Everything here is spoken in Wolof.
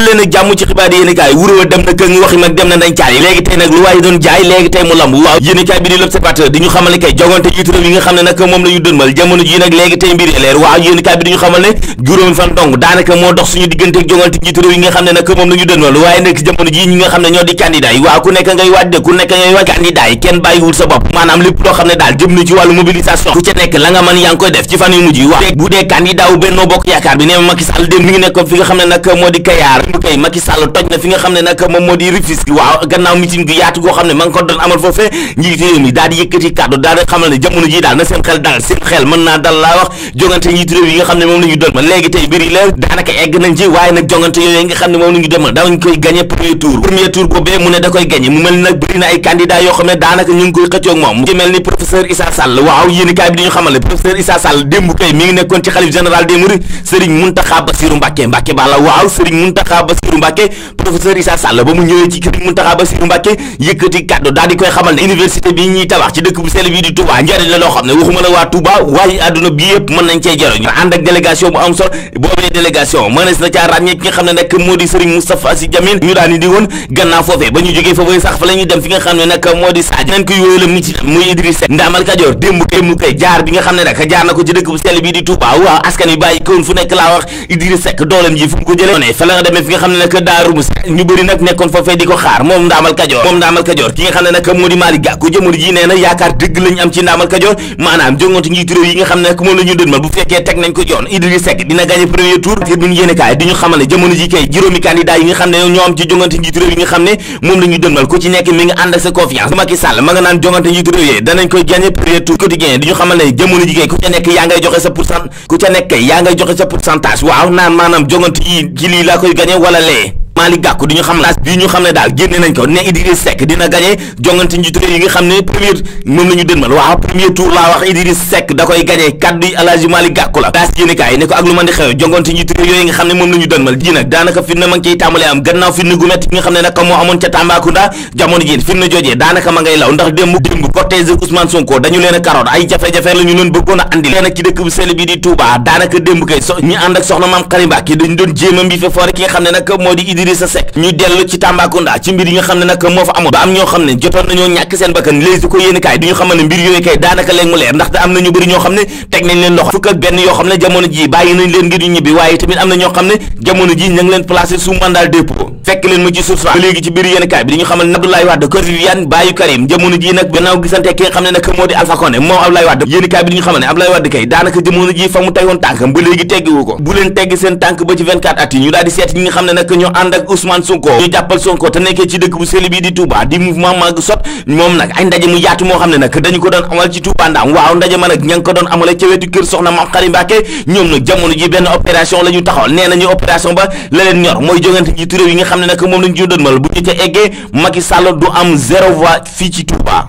leen ak jàmm ci xibaar yéen i kaay wuroo dem na këng mag dem na nañ léegi tey nag lu waaye doon jaay léegi tey mu lamb waaw yéen i kaay bi di l'observateur di ñu xamal kay jogante jiitu yi nga xam ne nag moom la ñu dënmal jamono waaye nag jamono ji ñi nga xam ne ñoo di candidat yi waaw ku nekk ngay waaj de ku nekk ngay waaj candidat yi kenn sa bopp maanaam lépp loo xam ne daal jëm na ci wàllu mobilisation ku ca nekk la yaa démb kay na fi nga nga ko ne na seen xel dal seen xel mën naa dal laa wax xam ne moom la ñu doon ma léegi tey biri la daanaka egg nañ ci waaye nag jongante yooyu nga koy gagné premier tour premier tour boobee mu ne da koy gagné mu mel nag ay candidat yoo xam ne daanaka ñu ngi koy xëccoog moom ci nekkoon ci xalif général des mourides Serigne Mountakha Bassirou Mbacké Mbacké Balla waaw Serigne Mountakha Mountakha Bassirou Mbacké professeur Issa Sall ba mu ñëwee ci Serigne Mountakha Bassirou Mbacké yëkkati kàddu daal di koy xamal ne université bi ñuy tabax ci dëkk bu sell bi di Touba waaw askan bàyyi koon fu nekk laa wax Idrissa Seck doolam fu mu ko jëlee fa la demee fi nga xam ne nag daaru musa ñu bëri nag nekkoon foofee di ko xaar moom ndaamal kajoor moom ndaamal kajoor ki nga xam ne nag moo di Malick Gakou jamono ji nee na yaakaar dëgg lañu am ci ndaamal kajoor maanaam jongante yi ci lii laa koy gagné wala lee Malick Gakou di ñu xam laas bi ñu xam ne daal génne nañ ko ne Idriss Seck dina gagné jongante njiitu yi nga xam ne premier moom la ñu dënmal waaw premier tour laa wax Idriss Seck da koy gagné kaddu yi Alaaji Malick Gakou la laas yéenekaay ne ko ak lu mën di xew yi nga xam ne nag moo amoon ca Tambacounda dañu leen a karoot ay jafe-jafe la ñu leen bëggoon a bi di foore ki nga xam ne nag moo di Idrissa fekk leen ma ci suuf ba léegi ci biir yéen bi dañu xamal ne Abdoulaye Wade kay daanaka jamono ji fa mu tegoon tànkam ba teggiwu ko bu tegg seen tànk ba ci 24 at yi ñu daal di seet ñi xam ne nag ñoo ànd ànd ak Ousmane Sonko ñu jàppal Sonko te nekkee ci dëkk bu sell bii di Touba di mouvement Magg Sot moom nag ay ndaje mu yaatu moo xam ne nag dañu ko doon amal ci Touba ndaam waaw ndaje ma nag ña ngi ko doon amale ca wetu kër soxna Mame Khary ñoom nag jamono ji benn opération la ñu taxaw nee nañu opération ba la leen ñor mooy jógante ji turé yi nga xam ne nag moom lañu ci doon mal bu ñu ca eggee Macky Sall du am zéro voix fii ci Touba